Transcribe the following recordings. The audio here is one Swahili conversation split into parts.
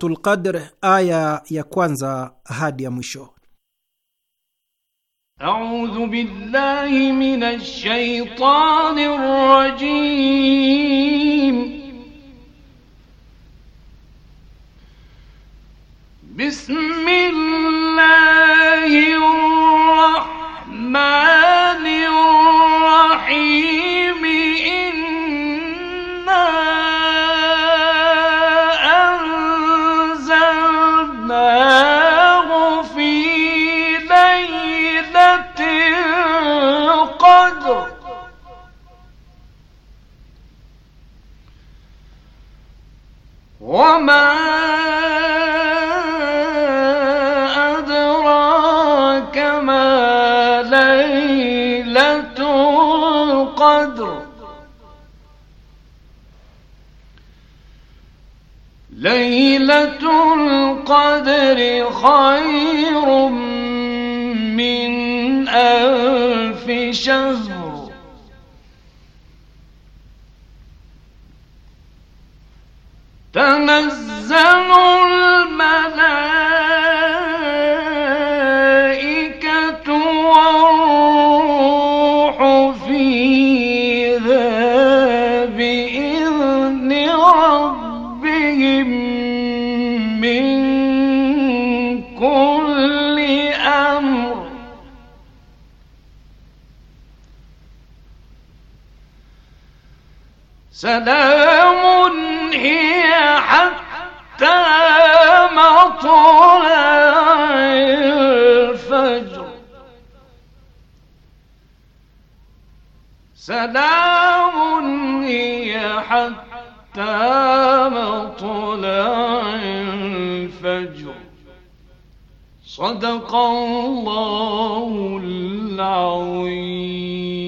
Suratul Qadr aya ya kwanza hadi ya mwisho. A'udhu billahi minash shaitanir rajim. Bismillahir rahmanir rahim. القدر خير من ألف شهر سلام هي حتى مطلع الفجر سلام هي حتى مطلع الفجر صدق الله العظيم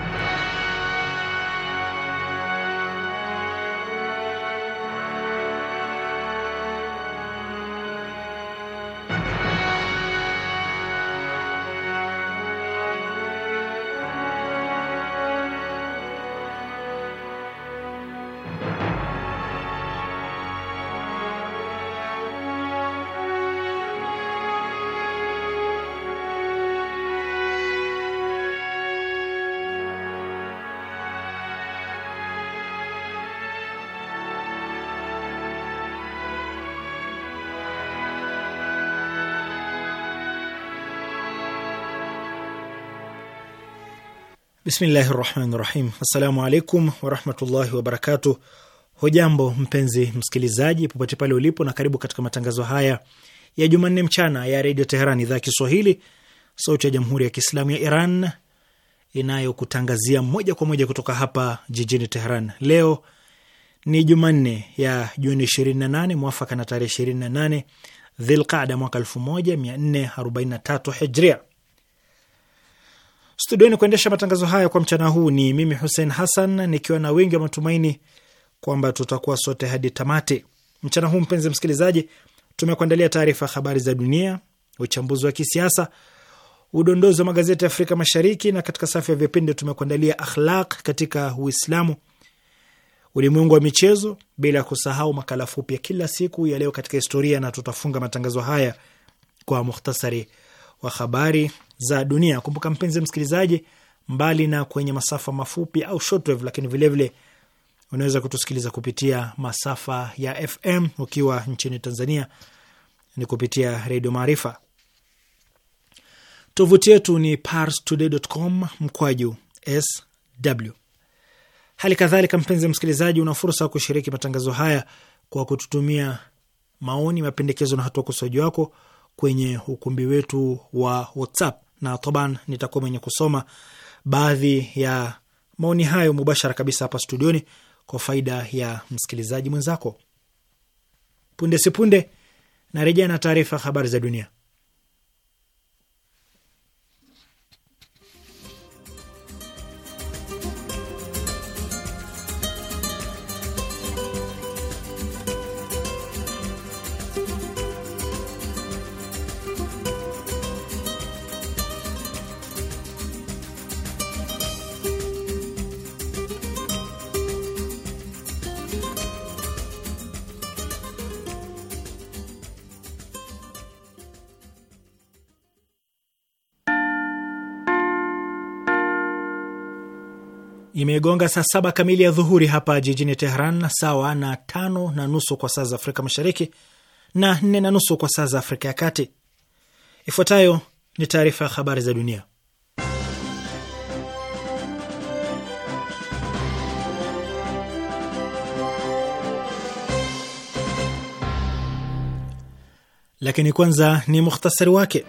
Bismillahi rahmani rahim. Assalamu alaikum warahmatullahi wabarakatu Hujambo mpenzi msikilizaji, popote pale ulipo, na karibu katika matangazo haya ya Jumanne mchana ya Redio Teheran, idhaa ya Kiswahili, sauti ya Jamhuri ya Kiislamu ya Iran inayokutangazia moja kwa moja kutoka hapa jijini Teheran. Leo ni Jumanne ya Juni 28 mwafaka na tarehe 28 Dhilqada mwaka 1443 Hijria. Studioni kuendesha matangazo haya kwa mchana huu ni mimi Hussein Hassan, nikiwa na wengi wa matumaini kwamba tutakuwa sote hadi tamati mchana huu. Mpenzi msikilizaji, tumekuandalia taarifa ya habari za dunia, uchambuzi wa kisiasa, udondozi wa magazeti ya Afrika Mashariki, na katika safu ya vipindi tumekuandalia akhlaq katika Uislamu, ulimwengu wa michezo, bila ya kusahau makala fupi ya kila siku ya leo katika historia, na tutafunga matangazo haya kwa muhtasari wa habari za dunia. Kumbuka mpenzi msikilizaji, mbali na kwenye masafa mafupi au shortwave, lakini vilevile unaweza kutusikiliza kupitia masafa ya FM ukiwa nchini Tanzania ni kupitia Redio Maarifa. Tovuti yetu ni parstoday.com mkwaju sw. Hali kadhalika, mpenzi msikilizaji, una fursa ya kushiriki matangazo haya kwa kututumia maoni, mapendekezo na hatua ukosoaji wako kwenye ukumbi wetu wa WhatsApp na taban nitakuwa mwenye kusoma baadhi ya maoni hayo mubashara kabisa hapa studioni kwa faida ya msikilizaji mwenzako. Punde sipunde narejea na taarifa habari za dunia. Imegonga saa saba kamili ya dhuhuri hapa jijini Tehran, sawa na tano na nusu kwa saa za Afrika Mashariki na nne na nusu kwa saa za Afrika ya Kati. Ifuatayo ni taarifa ya habari za dunia, lakini kwanza ni mukhtasari wake.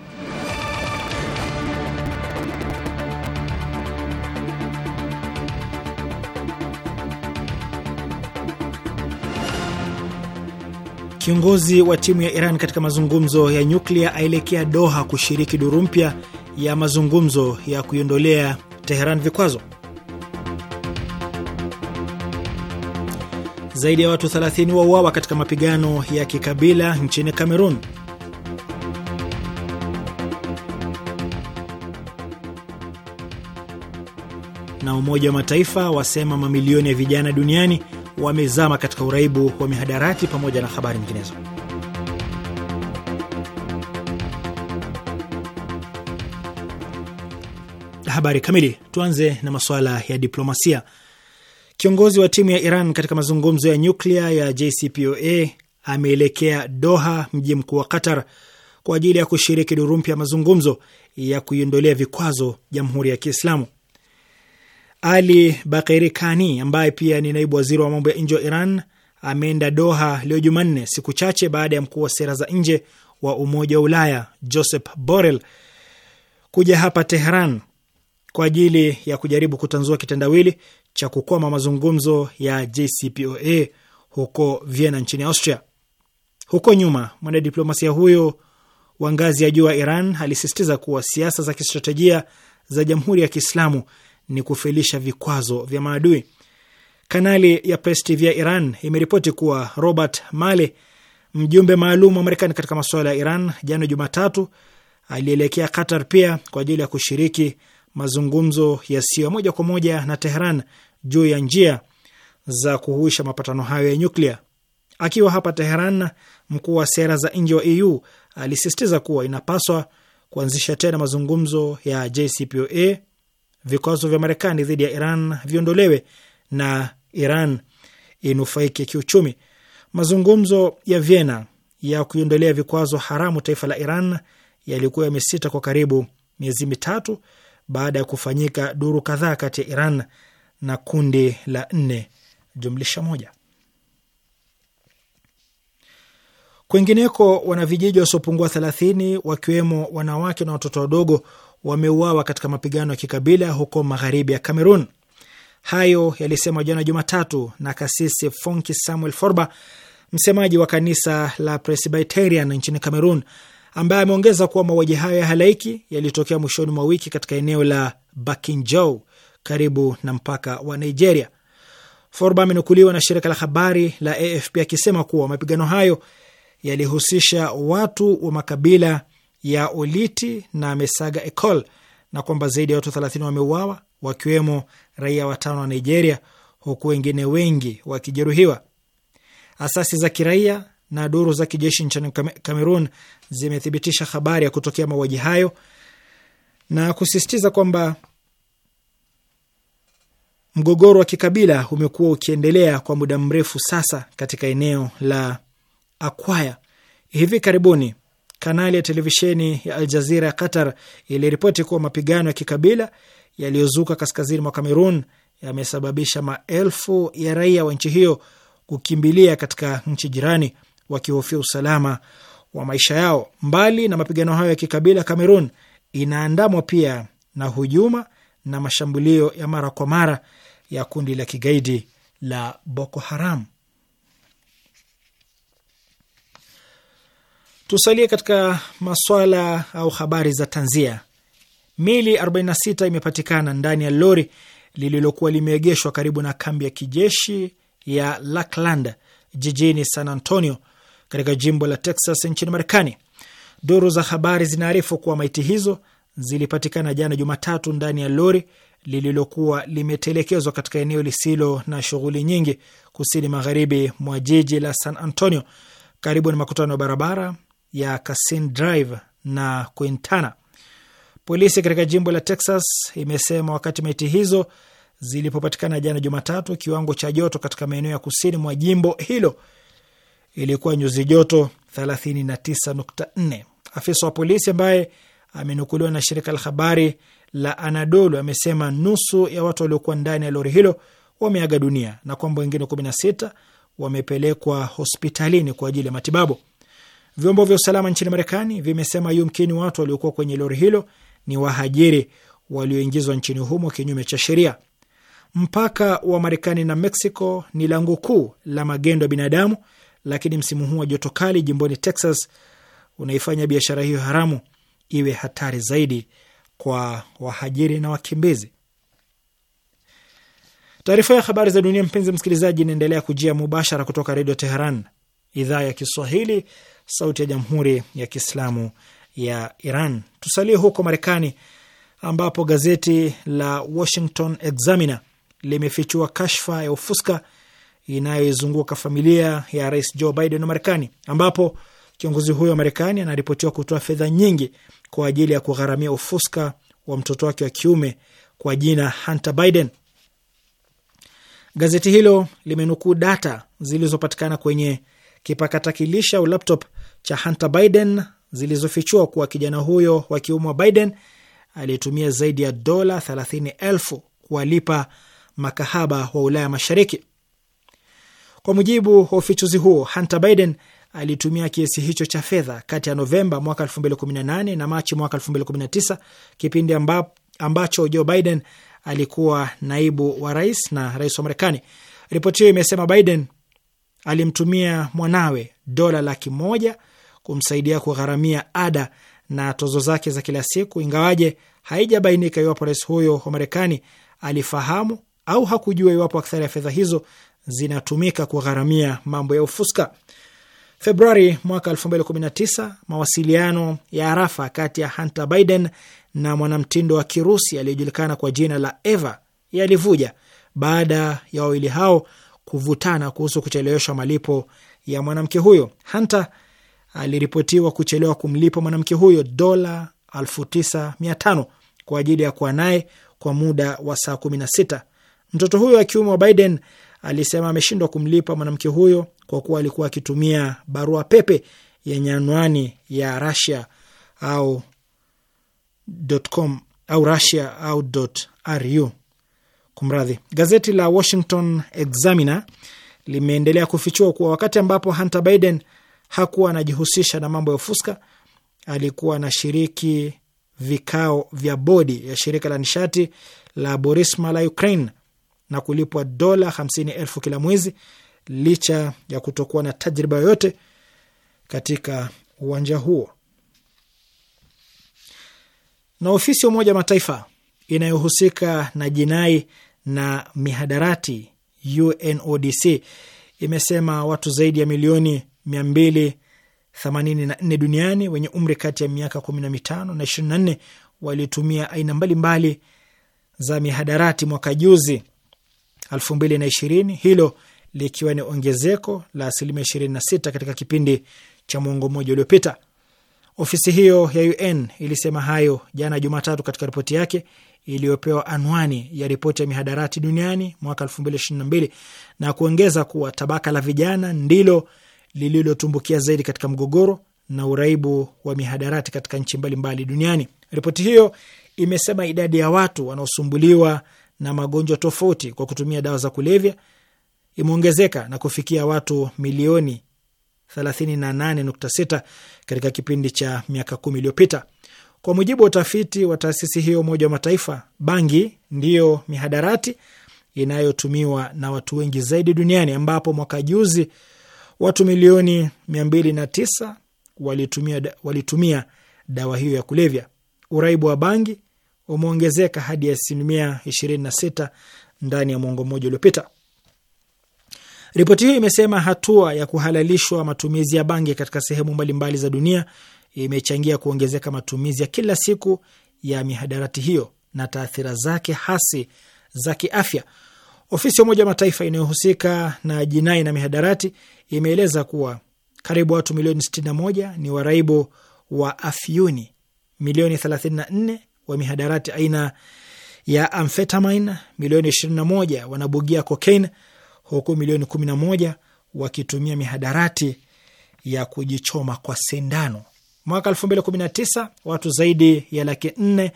Kiongozi wa timu ya Iran katika mazungumzo ya nyuklia aelekea Doha kushiriki duru mpya ya mazungumzo ya kuiondolea Teheran vikwazo. Zaidi ya watu 30 wauawa katika mapigano ya kikabila nchini Kamerun. Na Umoja wa Mataifa wasema mamilioni ya vijana duniani wamezama katika uraibu wa mihadarati pamoja na habari nyinginezo. Habari kamili. Tuanze na masuala ya diplomasia. Kiongozi wa timu ya Iran katika mazungumzo ya nyuklia ya JCPOA ameelekea Doha, mji mkuu wa Qatar, kwa ajili ya kushiriki duru mpya ya mazungumzo ya kuiondolea vikwazo Jamhuri ya Kiislamu. Ali Bakeri Kani ambaye pia ni naibu waziri wa mambo ya nje wa Iran ameenda Doha leo Jumanne, siku chache baada ya mkuu wa sera za nje wa Umoja wa Ulaya Joseph Borrell kuja hapa Tehran kwa ajili ya kujaribu kutanzua kitendawili cha kukwama mazungumzo ya JCPOA huko Vienna nchini Austria. Huko nyuma mwanadiplomasia huyo wa ngazi ya juu wa Iran alisisitiza kuwa siasa za kistratejia za Jamhuri ya Kiislamu ni kufilisha vikwazo vya maadui. Kanali ya Press TV ya Iran imeripoti kuwa Robert Male, mjumbe maalum wa Marekani katika masuala ya Iran, jana Jumatatu alielekea Qatar pia kwa ajili ya kushiriki mazungumzo yasiyo moja kwa moja na Tehran juu ya njia za kuhuisha mapatano hayo ya nyuklia. Akiwa hapa Teheran, mkuu wa sera za nje wa EU alisisitiza kuwa inapaswa kuanzisha tena mazungumzo ya JCPOA vikwazo vya Marekani dhidi ya Iran viondolewe na Iran inufaike kiuchumi. Mazungumzo ya Vienna ya kuiondolea vikwazo haramu taifa la Iran yalikuwa yamesita kwa karibu miezi mitatu baada ya kufanyika duru kadhaa kati ya Iran na kundi la nne jumlisha moja. Kwingineko, wanavijiji wasiopungua thelathini wakiwemo wanawake na watoto wadogo wameuawa katika mapigano ya kikabila huko magharibi ya Kamerun. Hayo yalisemwa jana Jumatatu na kasisi Fonki Samuel Forba, msemaji wa kanisa la Presbyterian nchini Kamerun, ambaye ameongeza kuwa mauaji hayo ya halaiki yalitokea mwishoni mwa wiki katika eneo la Bakinjou karibu na mpaka wa Nigeria. Forba amenukuliwa na shirika la habari la AFP akisema kuwa mapigano hayo yalihusisha watu wa makabila ya Oliti na Mesaga Ecol na kwamba zaidi ya watu 30 wameuawa wakiwemo raia watano wa Nigeria huku wengine wengi wakijeruhiwa. Asasi za kiraia na duru za kijeshi nchini Kamerun zimethibitisha habari ya kutokea mauaji hayo na kusisitiza kwamba mgogoro wa kikabila umekuwa ukiendelea kwa muda mrefu sasa katika eneo la Akwaya. Hivi karibuni Kanali ya televisheni ya Al Jazira ya Qatar iliripoti kuwa mapigano ya kikabila yaliyozuka kaskazini mwa Kamerun yamesababisha maelfu ya raia wa nchi hiyo kukimbilia katika nchi jirani wakihofia usalama wa maisha yao. Mbali na mapigano hayo ya kikabila, Kamerun inaandamwa pia na hujuma na mashambulio ya mara kwa mara ya kundi la kigaidi la Boko Haram. Tusalie katika maswala au habari za tanzia. Mili 46 imepatikana ndani ya lori lililokuwa limeegeshwa karibu na kambi ya kijeshi ya Lackland jijini San Antonio katika jimbo la Texas nchini Marekani. Duru za habari zinaarifu kuwa maiti hizo zilipatikana jana Jumatatu ndani ya lori lililokuwa limetelekezwa katika eneo lisilo na shughuli nyingi kusini magharibi mwa jiji la San Antonio, karibu na makutano ya barabara ya Cassin Drive na Quintana. Polisi katika jimbo la Texas imesema wakati maiti hizo zilipopatikana jana Jumatatu, kiwango cha joto katika maeneo ya kusini mwa jimbo hilo ilikuwa nyuzi joto 39.4. Afisa wa polisi ambaye amenukuliwa na shirika la habari la Anadolu amesema nusu ya watu waliokuwa ndani ya lori hilo wameaga dunia na kwamba wengine 16 wamepelekwa hospitalini kwa ajili ya matibabu. Vyombo vya usalama nchini Marekani vimesema yumkini watu waliokuwa kwenye lori hilo ni wahajiri walioingizwa nchini humo kinyume cha sheria. Mpaka wa Marekani na Mexico ni lango kuu la magendo ya binadamu, lakini msimu huu wa joto kali jimboni Texas unaifanya biashara hiyo haramu iwe hatari zaidi kwa wahajiri na wakimbizi. Taarifa ya habari za dunia, mpenzi msikilizaji, inaendelea kujia mubashara kutoka Redio Teheran, idhaa ya Kiswahili, sauti ya jamhuri ya kiislamu ya Iran. Tusalie huko Marekani, ambapo gazeti la Washington Examiner limefichua kashfa ya ufuska inayoizunguka familia ya rais Joe Biden wa Marekani, ambapo kiongozi huyo wa Marekani anaripotiwa kutoa fedha nyingi kwa ajili ya kugharamia ufuska wa mtoto wake wa kiume kwa jina Hunter Biden. Gazeti hilo limenukuu data zilizopatikana kwenye kipakatakilisha au laptop cha Hunter Biden zilizofichua kuwa kijana huyo wa kiume wa Biden aliyetumia zaidi ya dola thelathini elfu kuwalipa makahaba wa Ulaya Mashariki. Kwa mujibu wa ufichuzi huo, Hunter Biden alitumia kiasi hicho cha fedha kati ya Novemba mwaka 2018 na Machi mwaka 2019, kipindi amba, ambacho Joe Biden alikuwa naibu wa rais na rais wa Marekani. Ripoti hiyo imesema Biden alimtumia mwanawe dola laki moja kumsaidia kugharamia ada na tozo zake za kila siku, ingawaje haijabainika iwapo rais huyo wa Marekani alifahamu au hakujua iwapo akthari ya fedha hizo zinatumika kugharamia mambo ya ufuska. Februari mwaka 2019 mawasiliano ya arafa kati ya Hunter Biden na mwanamtindo wa Kirusi aliyojulikana kwa jina la Eva yalivuja baada ya wawili hao kuvutana kuhusu kucheleweshwa malipo ya mwanamke huyo. Hunter aliripotiwa kuchelewa kumlipa mwanamke huyo dola elfu tisa mia tano kwa ajili ya kuwa naye kwa muda wa saa kumi na sita. Mtoto huyo wa kiume wa Biden alisema ameshindwa kumlipa mwanamke huyo kwa kuwa alikuwa akitumia barua pepe yenye anwani ya Russia au .com au Russia au .ru. Kumradhi, gazeti la Washington Examiner limeendelea kufichua kuwa wakati ambapo Hunter Biden hakuwa anajihusisha na mambo ya ufuska. Alikuwa anashiriki vikao vya bodi ya shirika la nishati la Borisma la Ukraine na kulipwa dola hamsini elfu kila mwezi licha ya kutokuwa na tajriba yoyote katika uwanja huo. Na ofisi ya Umoja wa Mataifa inayohusika na jinai na mihadarati UNODC imesema watu zaidi ya milioni 284 duniani wenye umri kati ya miaka 15 na 24 walitumia aina mbalimbali mbali za mihadarati mwaka juzi 2020, hilo likiwa ni ongezeko la asilimia 26 katika kipindi cha mwongo mmoja uliopita. Ofisi hiyo ya UN ilisema hayo jana Jumatatu katika ripoti yake iliyopewa anwani ya ripoti ya mihadarati duniani mwaka 2022 na kuongeza kuwa tabaka la vijana ndilo lililotumbukia zaidi katika mgogoro na uraibu wa mihadarati katika nchi mbalimbali mbali duniani. Ripoti hiyo imesema idadi ya watu wanaosumbuliwa na magonjwa tofauti kwa kutumia dawa za kulevya imeongezeka na kufikia watu milioni 38.6 katika kipindi cha miaka kumi iliyopita. Kwa mujibu wa utafiti wa taasisi hiyo Umoja wa Mataifa, bangi ndiyo mihadarati inayotumiwa na watu wengi zaidi duniani ambapo mwaka juzi Watu milioni mia mbili na tisa walitumia, walitumia dawa hiyo ya kulevya. Uraibu wa bangi umeongezeka hadi asilimia ishirini na sita ndani ya mwongo mmoja uliopita. Ripoti hiyo imesema hatua ya kuhalalishwa matumizi ya bangi katika sehemu mbalimbali za dunia imechangia kuongezeka matumizi ya kila siku ya mihadarati hiyo na taathira zake hasi za kiafya. Ofisi ya Umoja wa Mataifa inayohusika na jinai na mihadarati imeeleza kuwa karibu watu milioni 61 ni waraibu wa afyuni, milioni 34 wa mihadarati aina ya amfetamine, milioni 21 wanabugia cocaine, huku milioni 11 wakitumia mihadarati ya kujichoma kwa sindano. Mwaka 2019 watu zaidi ya laki 4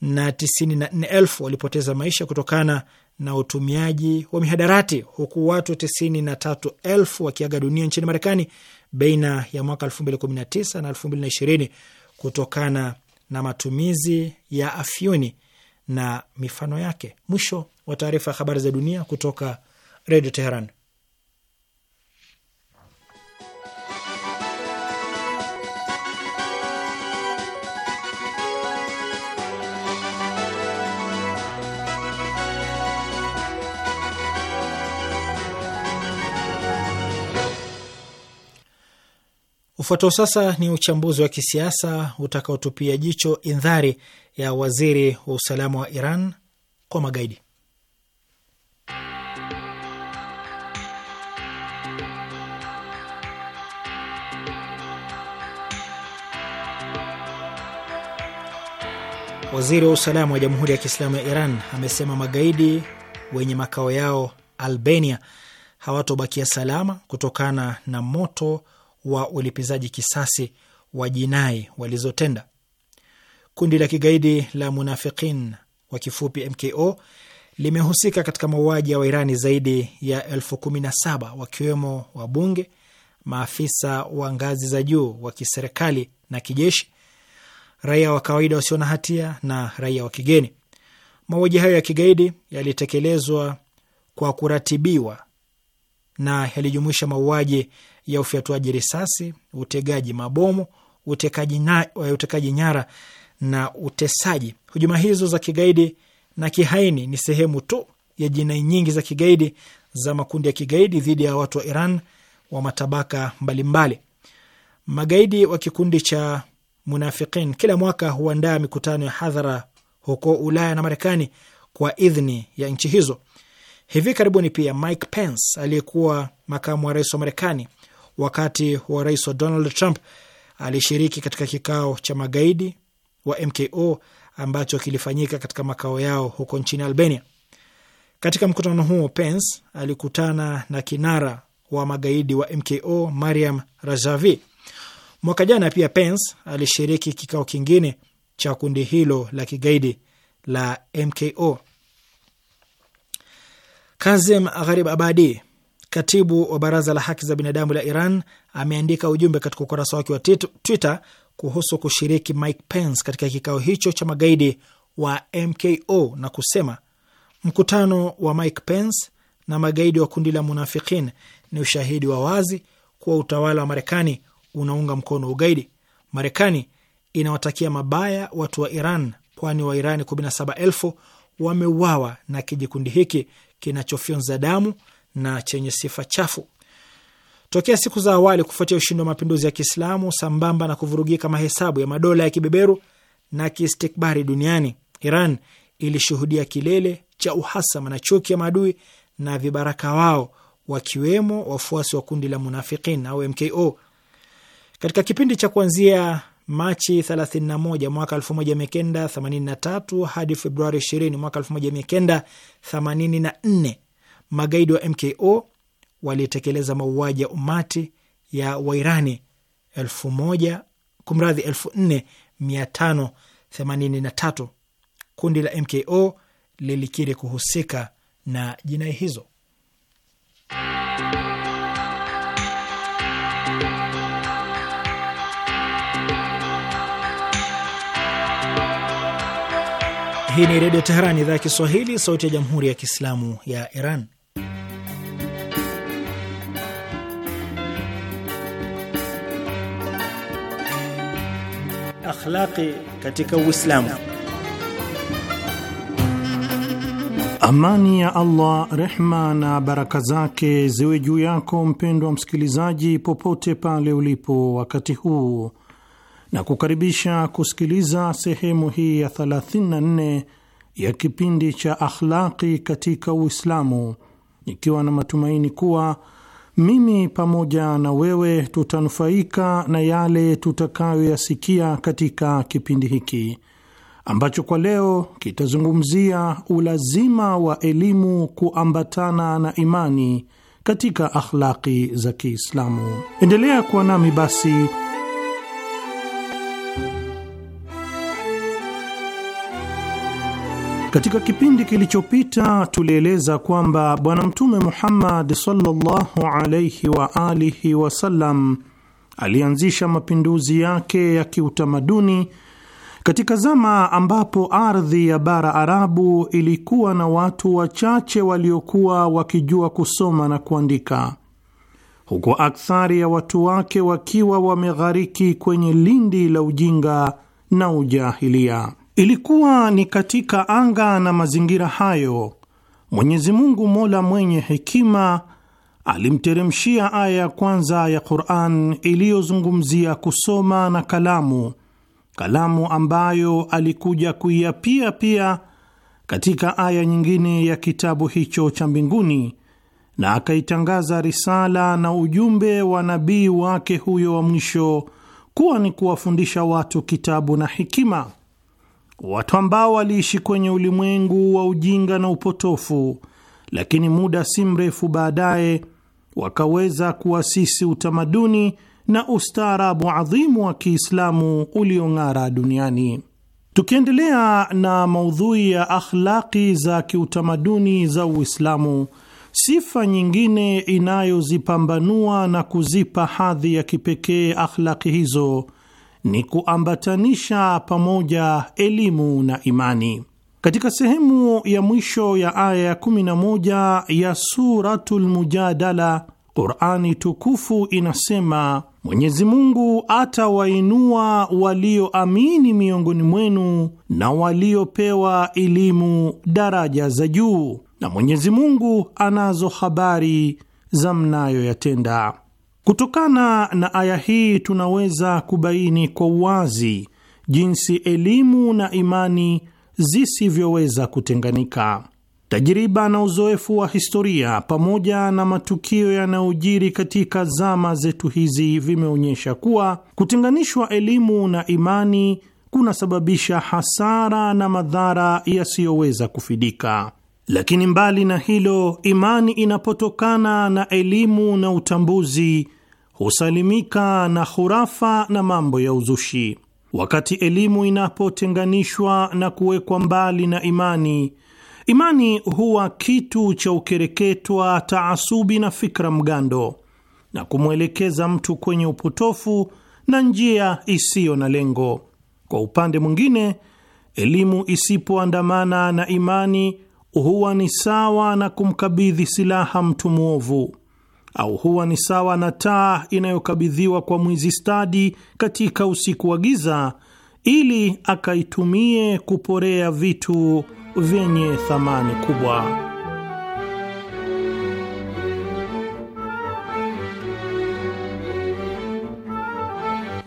na 94 elfu walipoteza maisha kutokana na utumiaji wa mihadarati huku watu tisini na tatu elfu wakiaga dunia nchini Marekani baina ya mwaka elfu mbili kumi na tisa na elfu mbili na ishirini kutokana na matumizi ya afyuni na mifano yake. Mwisho wa taarifa ya habari za dunia kutoka Redio Teheran. Ufuatao sasa ni uchambuzi wa kisiasa utakaotupia jicho indhari ya waziri wa usalama wa Iran kwa magaidi. Waziri wa usalama wa Jamhuri ya Kiislamu ya Iran amesema magaidi wenye makao yao Albania hawatobakia salama kutokana na moto wa ulipizaji kisasi wa jinai walizotenda. Kundi la kigaidi la Munafikin wa kifupi MKO limehusika katika mauaji ya Wairani zaidi ya elfu kumi na saba wakiwemo wabunge, maafisa wa ngazi za juu wa kiserikali na kijeshi, raia wa kawaida wasio na hatia na raia wa kigeni. Mauaji hayo ya kigaidi yalitekelezwa kwa kuratibiwa na yalijumuisha mauaji ya ufyatuaji risasi, utegaji mabomu, utekaji, na, eh, utekaji nyara na utesaji. Hujuma hizo za kigaidi na kihaini ni sehemu tu ya jinai nyingi za kigaidi za makundi ya kigaidi dhidi ya watu wa Iran wa matabaka mbalimbali mbali. Magaidi wa kikundi cha Munafikin kila mwaka huandaa mikutano ya hadhara huko Ulaya na Marekani kwa idhini ya nchi hizo. Hivi karibuni pia Mike Pence aliyekuwa makamu wa rais wa Marekani wakati wa rais wa Donald Trump alishiriki katika kikao cha magaidi wa MKO ambacho kilifanyika katika makao yao huko nchini Albania. Katika mkutano huo, Pence alikutana na kinara wa magaidi wa MKO Mariam Rajavi. Mwaka jana pia Pence alishiriki kikao kingine cha kundi hilo la kigaidi la MKO. Kazem Gharib Abadi, Katibu wa Baraza la Haki za Binadamu la Iran ameandika ujumbe katika ukurasa wake wa Twitter kuhusu kushiriki Mike Pence katika kikao hicho cha magaidi wa MKO na kusema mkutano wa Mike Pence na magaidi wa kundi la Munafikin ni ushahidi wa wazi kuwa utawala wa Marekani unaunga mkono ugaidi. Marekani inawatakia mabaya watu wa Iran, kwani iran 17,000 wameuawa na kijikundi hiki kinachofyonza damu na chenye sifa chafu. Tokea siku za awali kufuatia ushindi wa mapinduzi ya Kiislamu sambamba na kuvurugika mahesabu ya madola ya kibeberu na kiistikbari duniani, Iran ilishuhudia kilele cha uhasama na chuki ya maadui na vibaraka wao wakiwemo wafuasi wa kundi la Munafikin au MKO katika kipindi cha kuanzia Machi 31 mwaka 1983 hadi Februari 20 mwaka 1984 magaidi wa MKO walitekeleza mauaji ya umati ya Wairani elfu moja kumradhi, elfu nne mia tano themanini na tatu. Kundi la MKO lilikiri kuhusika na jinai hizo. Hii ni Redio teheran idhaa ya Kiswahili, sauti ya Jamhuri ya Kiislamu ya Iran. akhlaqi katika Uislamu. Amani ya Allah, rehma na baraka zake ziwe juu yako mpendwa msikilizaji, popote pale ulipo wakati huu, na kukaribisha kusikiliza sehemu hii ya 34 ya kipindi cha akhlaqi katika Uislamu, ikiwa na matumaini kuwa mimi pamoja na wewe tutanufaika na yale tutakayoyasikia katika kipindi hiki ambacho kwa leo kitazungumzia ulazima wa elimu kuambatana na imani katika akhlaki za Kiislamu. Endelea kuwa nami basi Katika kipindi kilichopita tulieleza kwamba Bwana Mtume Muhammad sallallahu alaihi wa alihi wasallam alianzisha mapinduzi yake ya kiutamaduni katika zama ambapo ardhi ya bara Arabu ilikuwa na watu wachache waliokuwa wakijua kusoma na kuandika, huku akthari ya watu wake wakiwa wameghariki kwenye lindi la ujinga na ujahilia. Ilikuwa ni katika anga na mazingira hayo Mwenyezi Mungu Mola mwenye hekima alimteremshia aya ya kwanza ya Qur'an iliyozungumzia kusoma na kalamu, kalamu ambayo alikuja kuiapia pia katika aya nyingine ya kitabu hicho cha mbinguni, na akaitangaza risala na ujumbe wa nabii wake huyo wa mwisho kuwa ni kuwafundisha watu kitabu na hikima watu ambao waliishi kwenye ulimwengu wa ujinga na upotofu, lakini muda si mrefu baadaye wakaweza kuasisi utamaduni na ustaarabu adhimu wa Kiislamu uliong'ara duniani. Tukiendelea na maudhui ya akhlaqi za kiutamaduni za Uislamu, sifa nyingine inayozipambanua na kuzipa hadhi ya kipekee akhlaki hizo ni kuambatanisha pamoja elimu na imani. Katika sehemu ya mwisho ya aya ya 11 ya Suratul Mujadala, Qurani tukufu inasema Mwenyezi Mungu atawainua walioamini miongoni mwenu na waliopewa elimu daraja za juu, na Mwenyezi Mungu anazo habari za mnayoyatenda. Kutokana na aya hii tunaweza kubaini kwa uwazi jinsi elimu na imani zisivyoweza kutenganika. Tajiriba na uzoefu wa historia pamoja na matukio yanayojiri katika zama zetu hizi vimeonyesha kuwa kutenganishwa elimu na imani kunasababisha hasara na madhara yasiyoweza kufidika. Lakini mbali na hilo, imani inapotokana na elimu na utambuzi husalimika na hurafa na mambo ya uzushi. Wakati elimu inapotenganishwa na kuwekwa mbali na imani, imani huwa kitu cha ukereketwa, taasubi na fikra mgando, na kumwelekeza mtu kwenye upotofu na njia isiyo na lengo. Kwa upande mwingine, elimu isipoandamana na imani huwa ni sawa na kumkabidhi silaha mtu mwovu au huwa ni sawa na taa inayokabidhiwa kwa mwizi stadi katika usiku wa giza ili akaitumie kuporea vitu vyenye thamani kubwa.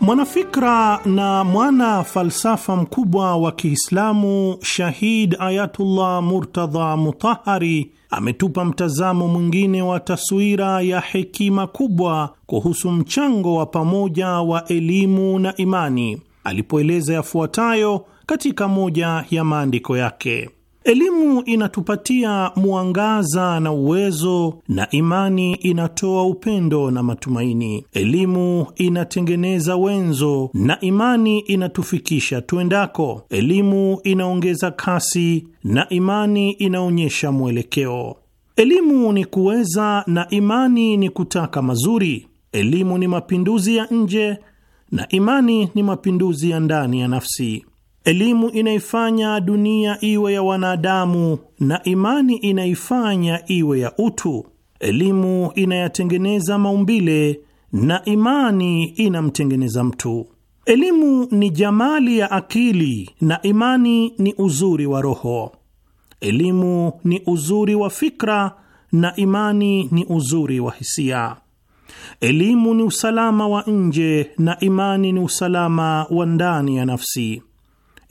Mwanafikra na mwana falsafa mkubwa wa Kiislamu Shahid Ayatullah Murtadha Mutahari ametupa mtazamo mwingine wa taswira ya hekima kubwa kuhusu mchango wa pamoja wa elimu na imani alipoeleza yafuatayo katika moja ya maandiko yake: Elimu inatupatia mwangaza na uwezo, na imani inatoa upendo na matumaini. Elimu inatengeneza wenzo, na imani inatufikisha tuendako. Elimu inaongeza kasi, na imani inaonyesha mwelekeo. Elimu ni kuweza, na imani ni kutaka mazuri. Elimu ni mapinduzi ya nje, na imani ni mapinduzi ya ndani ya nafsi. Elimu inaifanya dunia iwe ya wanadamu na imani inaifanya iwe ya utu. Elimu inayatengeneza maumbile na imani inamtengeneza mtu. Elimu ni jamali ya akili na imani ni uzuri wa roho. Elimu ni uzuri wa fikra na imani ni uzuri wa hisia. Elimu ni usalama wa nje na imani ni usalama wa ndani ya nafsi.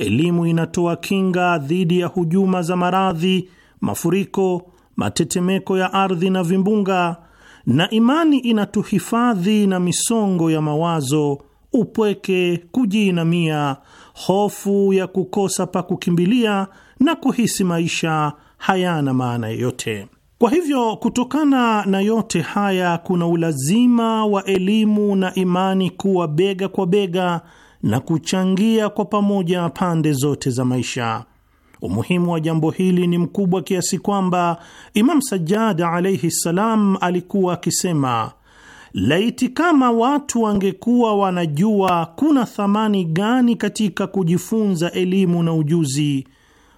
Elimu inatoa kinga dhidi ya hujuma za maradhi, mafuriko, matetemeko ya ardhi na vimbunga, na imani inatuhifadhi na misongo ya mawazo, upweke, kujiinamia, hofu ya kukosa pa kukimbilia na kuhisi maisha hayana maana yoyote. Kwa hivyo, kutokana na yote haya, kuna ulazima wa elimu na imani kuwa bega kwa bega na kuchangia kwa pamoja pande zote za maisha. Umuhimu wa jambo hili ni mkubwa kiasi kwamba Imam Sajjad alaihi ssalam alikuwa akisema, laiti kama watu wangekuwa wanajua kuna thamani gani katika kujifunza elimu na ujuzi,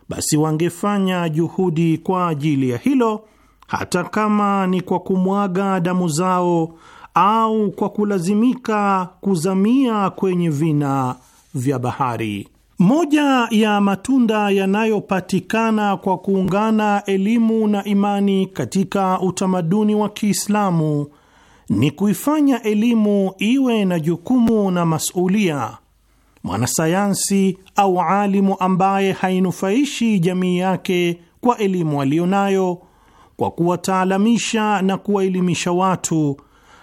basi wangefanya juhudi kwa ajili ya hilo, hata kama ni kwa kumwaga damu zao au kwa kulazimika kuzamia kwenye vina vya bahari. Moja ya matunda yanayopatikana kwa kuungana elimu na imani katika utamaduni wa Kiislamu ni kuifanya elimu iwe na jukumu na masulia. Mwanasayansi au alimu ambaye hainufaishi jamii yake kwa elimu aliyonayo, kwa kuwataalamisha na kuwaelimisha watu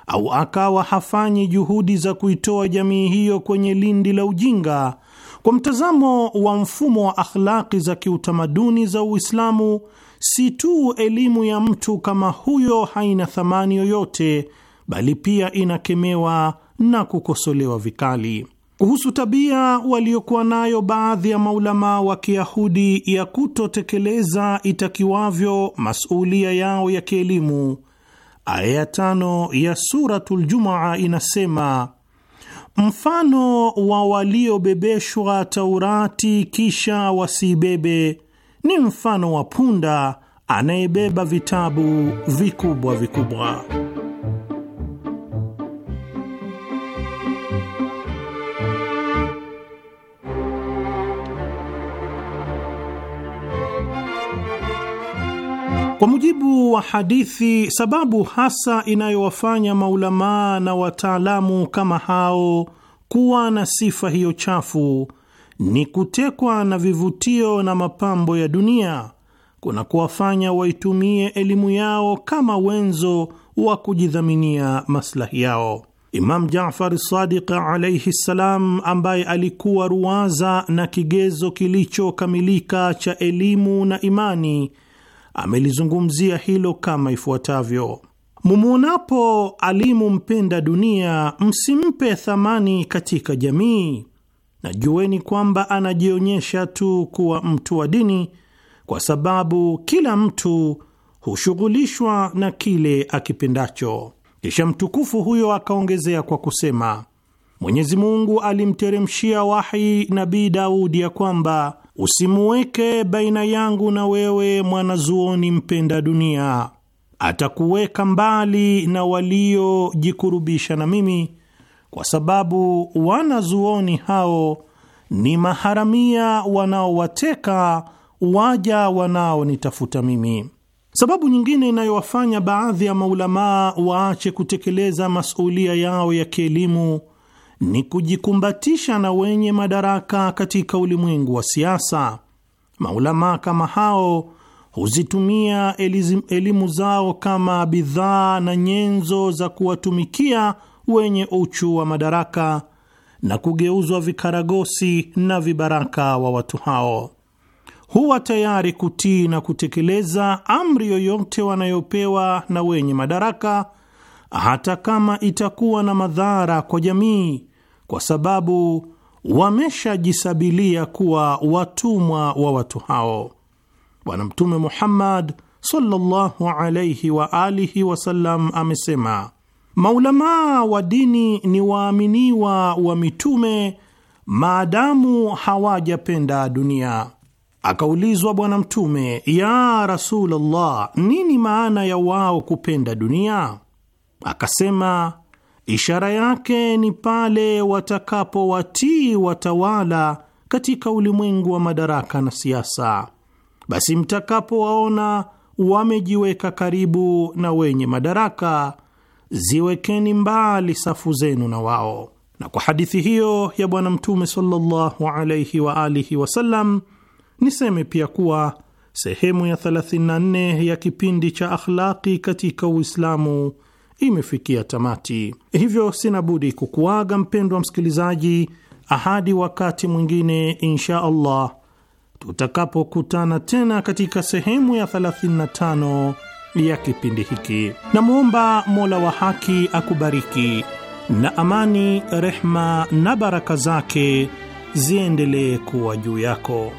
au akawa hafanyi juhudi za kuitoa jamii hiyo kwenye lindi la ujinga, kwa mtazamo wa mfumo wa akhlaki za kiutamaduni za Uislamu, si tu elimu ya mtu kama huyo haina thamani yoyote, bali pia inakemewa na kukosolewa vikali. Kuhusu tabia waliokuwa nayo baadhi ya maulamaa wa Kiyahudi ya kutotekeleza itakiwavyo masulia yao ya kielimu Aya ya tano ya Suratul Jumaa inasema mfano wa waliobebeshwa Taurati kisha wasiibebe ni mfano wa punda anayebeba vitabu vikubwa vikubwa. Kwa mujibu wa hadithi, sababu hasa inayowafanya maulamaa na wataalamu kama hao kuwa na sifa hiyo chafu ni kutekwa na vivutio na mapambo ya dunia kuna kuwafanya waitumie elimu yao kama wenzo wa kujidhaminia maslahi yao. Imam Jafar Sadiq alaihi ssalam, ambaye alikuwa ruwaza na kigezo kilichokamilika cha elimu na imani amelizungumzia hilo kama ifuatavyo: mumwonapo alimumpenda dunia, msimpe thamani katika jamii, na jueni kwamba anajionyesha tu kuwa mtu wa dini, kwa sababu kila mtu hushughulishwa na kile akipendacho. Kisha mtukufu huyo akaongezea kwa kusema, Mwenyezi Mungu alimteremshia wahi Nabii Daudi ya kwamba usimuweke baina yangu na wewe, mwanazuoni mpenda dunia, atakuweka mbali na waliojikurubisha na mimi, kwa sababu wanazuoni hao ni maharamia wanaowateka waja wanaonitafuta mimi. Sababu nyingine inayowafanya baadhi ya maulamaa waache kutekeleza masulia yao ya kielimu ni kujikumbatisha na wenye madaraka katika ulimwengu wa siasa. Maulamaa kama hao huzitumia elimu zao kama bidhaa na nyenzo za kuwatumikia wenye uchu wa madaraka na kugeuzwa vikaragosi na vibaraka wa watu hao. Huwa tayari kutii na kutekeleza amri yoyote wanayopewa na wenye madaraka, hata kama itakuwa na madhara kwa jamii kwa sababu wameshajisabilia kuwa watumwa wa watu hao. Bwana Mtume Muhammad sallallahu alayhi wa alihi wasallam amesema, maulamaa wa dini ni waaminiwa wa mitume maadamu hawajapenda dunia. Akaulizwa Bwana Mtume, ya Rasulullah, nini maana ya wao kupenda dunia? Akasema, Ishara yake ni pale watakapowatii watawala katika ulimwengu wa madaraka na siasa, basi mtakapowaona wamejiweka karibu na wenye madaraka, ziwekeni mbali safu zenu na wao. Na kwa hadithi hiyo ya Bwana Mtume sallallahu alaihi wa alihi wasallam, niseme pia kuwa sehemu ya 34 ya kipindi cha akhlaqi katika Uislamu imefikia tamati, hivyo sina budi kukuaga mpendwa msikilizaji, ahadi wakati mwingine insha Allah tutakapokutana tena katika sehemu ya 35 ya kipindi hiki. Namwomba Mola wa haki akubariki na amani, rehma na baraka zake ziendelee kuwa juu yako.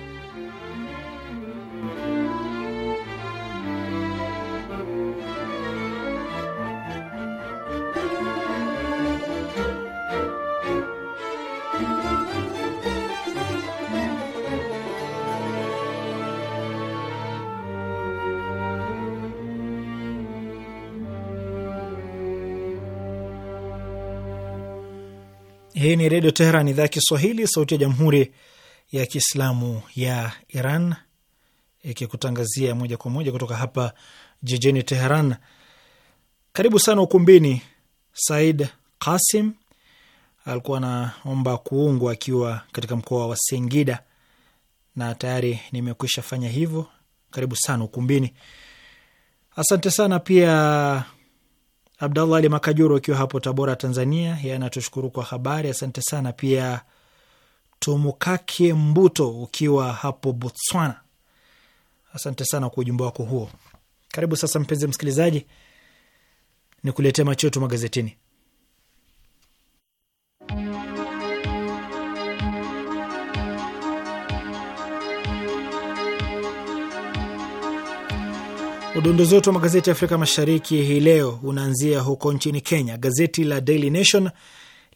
Hii ni Redio Teheran, idhaa ya Kiswahili, sauti ya Jamhuri ya Kiislamu ya Iran, ikikutangazia moja kwa moja kutoka hapa jijini Teheran. Karibu sana ukumbini. Said Kasim alikuwa anaomba kuungwa akiwa katika mkoa wa Singida, na tayari nimekwisha fanya hivyo. Karibu sana ukumbini, asante sana pia Abdallah Ali Makajuru akiwa hapo Tabora, Tanzania, yeye anatushukuru kwa habari, asante sana. Pia Tomukake Mbuto ukiwa hapo Botswana, asante sana kwa ujumbe wako huo. Karibu sasa, mpenzi msikilizaji, ni kuletea macho yetu magazetini. Udondozi wetu wa magazeti ya Afrika Mashariki hii leo unaanzia huko nchini Kenya. Gazeti la Daily Nation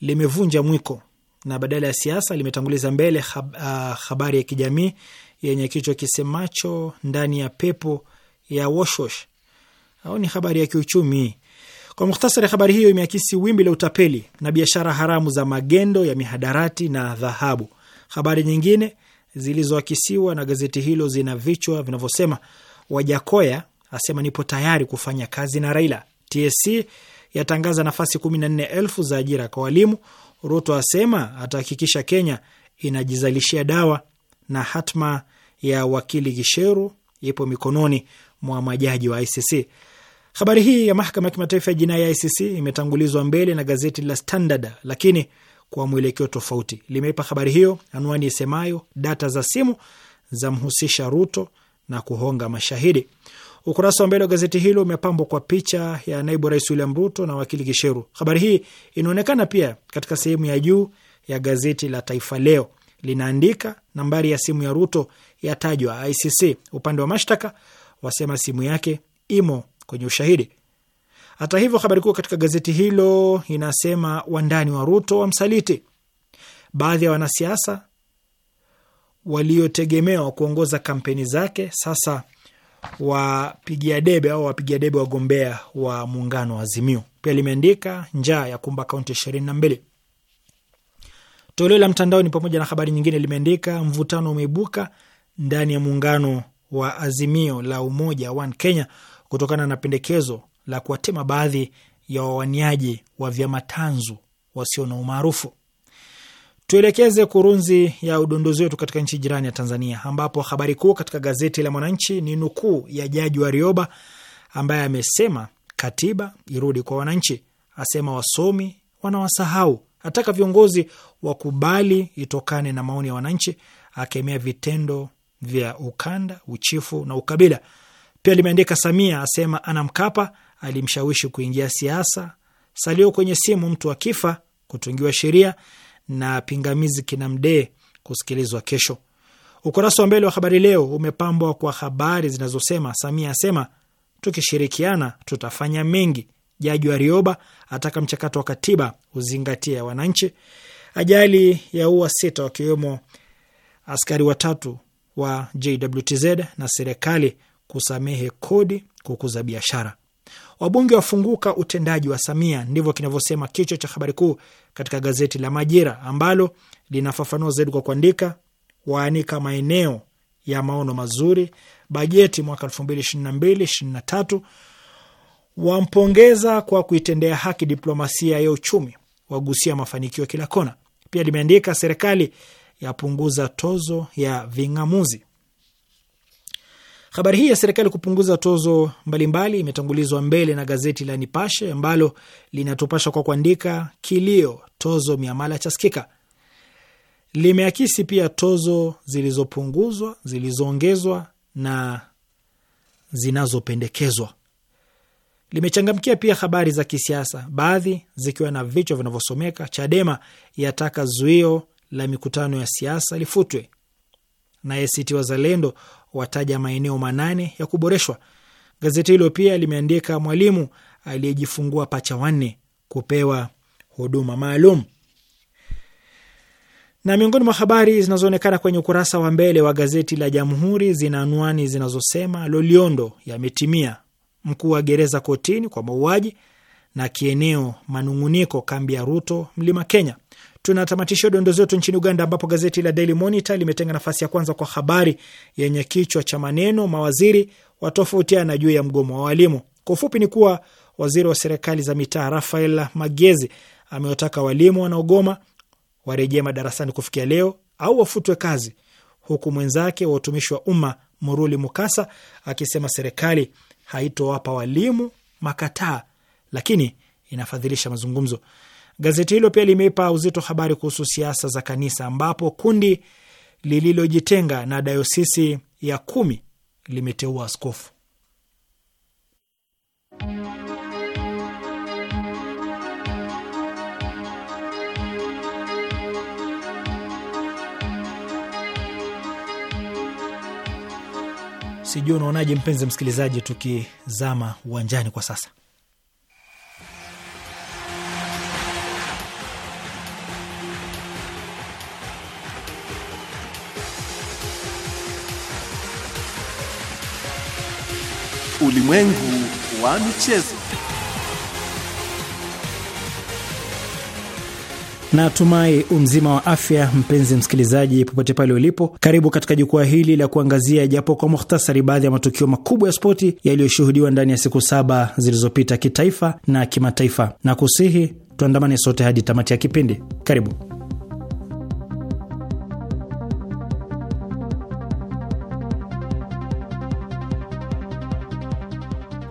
limevunja mwiko na badala ya siasa limetanguliza mbele hab, uh, habari ya kijamii yenye kichwa kisemacho ndani ya pepo ya washwash au ni habari ya kiuchumi. Kwa muhtasari, habari hiyo imeakisi wimbi la utapeli na biashara haramu za magendo ya mihadarati na dhahabu. Habari nyingine zilizoakisiwa na gazeti hilo zina vichwa vinavyosema Wajakoya asema nipo tayari kufanya kazi na Raila. TSC yatangaza nafasi kumi na nne elfu za ajira kwa walimu. Ruto asema atahakikisha Kenya inajizalishia dawa na hatma ya wakili Gisheru ipo mikononi mwa majaji wa ICC. Habari hii ya mahakama ya kimataifa ya jinai ya ICC imetangulizwa mbele na gazeti la Standard, lakini kwa mwelekeo tofauti. Limeipa habari hiyo anwani isemayo data za simu za mhusisha Ruto na kuhonga mashahidi. Ukurasa wa mbele wa gazeti hilo umepambwa kwa picha ya naibu rais William Ruto na wakili Gisheru. Habari hii inaonekana pia katika sehemu ya juu ya gazeti la Taifa Leo. Linaandika nambari ya simu ya Ruto yatajwa ICC, upande wa mashtaka wasema simu yake imo kwenye ushahidi. Hata hivyo, habari kuu katika gazeti hilo inasema wandani wa Ruto wa msaliti, baadhi ya wanasiasa waliotegemewa kuongoza kampeni zake sasa wapigia debe au wapigia debe wagombea wa muungano wa Azimio. Pia limeandika njaa ya kumba kaunti ishirini na mbili. Toleo la mtandao ni pamoja na habari nyingine limeandika mvutano umeibuka ndani ya muungano wa Azimio la Umoja One Kenya kutokana na pendekezo la kuwatema baadhi ya wawaniaji wa vyama tanzu wasio na umaarufu. Tuelekeze kurunzi ya udondozi wetu katika nchi jirani ya Tanzania, ambapo habari kuu katika gazeti la Mwananchi ni nukuu ya Jaji Warioba ambaye amesema katiba irudi kwa wananchi, asema wasomi wanawasahau, ataka viongozi wakubali itokane na maoni ya wananchi, akemea vitendo vya ukanda, uchifu na ukabila. Pia limeandika Samia asema ana Mkapa alimshawishi kuingia siasa, salio kwenye simu mtu akifa kutungiwa sheria na pingamizi kinamdee kusikilizwa kesho. Ukurasa wa mbele wa Habari Leo umepambwa kwa habari zinazosema Samia asema tukishirikiana tutafanya mengi, Jaji Warioba ataka mchakato wa katiba uzingatie wananchi, ajali ya ua sita wakiwemo askari watatu wa JWTZ na serikali kusamehe kodi kukuza biashara. Wabunge wafunguka utendaji wa Samia, ndivyo kinavyosema kichwa cha habari kuu katika gazeti la Majira ambalo linafafanua zaidi kwa kuandika, waanika maeneo ya maono mazuri bajeti mwaka elfu mbili na mbili na tatu wampongeza kwa kuitendea haki diplomasia ya uchumi, wagusia mafanikio kila kona. Pia limeandika serikali yapunguza tozo ya ving'amuzi. Habari hii ya serikali kupunguza tozo mbalimbali imetangulizwa mbele na gazeti la Nipashe ambalo linatupasha kwa kuandika kilio tozo miamala chaskika Limeakisi pia tozo zilizopunguzwa, zilizoongezwa na zinazopendekezwa. Limechangamkia pia habari za kisiasa, baadhi zikiwa na vichwa vinavyosomeka Chadema yataka zuio la mikutano ya siasa lifutwe na ACT Wazalendo wataja maeneo manane ya kuboreshwa. Gazeti hilo pia limeandika mwalimu aliyejifungua pacha wanne kupewa huduma maalum. Na miongoni mwa habari zinazoonekana kwenye ukurasa wa mbele wa gazeti la Jamhuri zina anwani zinazosema Loliondo yametimia, mkuu wa gereza kotini kwa mauaji, na kieneo manung'uniko kambi ya Ruto mlima Kenya. Tunatamatisha udondozi wetu nchini Uganda, ambapo gazeti la Daily Monitor limetenga nafasi ya kwanza kwa habari yenye kichwa cha maneno mawaziri watofautiana juu ya mgomo wa walimu. Kwa ufupi ni kuwa waziri wa serikali za mitaa Rafael Magezi amewataka walimu wanaogoma warejee madarasani kufikia leo au wafutwe kazi, huku mwenzake wa utumishi wa umma Muruli Mukasa akisema serikali haitowapa walimu makataa, lakini inafadhilisha mazungumzo. Gazeti hilo pia limeipa uzito habari kuhusu siasa za kanisa, ambapo kundi lililojitenga na dayosisi ya kumi limeteua askofu. Sijui unaonaje mpenzi msikilizaji, tukizama uwanjani kwa sasa. Ulimwengu wa michezo. Natumai umzima wa afya, mpenzi msikilizaji, popote pale ulipo. Karibu katika jukwaa hili la kuangazia japo kwa muhtasari baadhi ya matukio makubwa ya spoti yaliyoshuhudiwa ndani ya siku saba zilizopita kitaifa na kimataifa, na kusihi tuandamane sote hadi tamati ya kipindi. Karibu.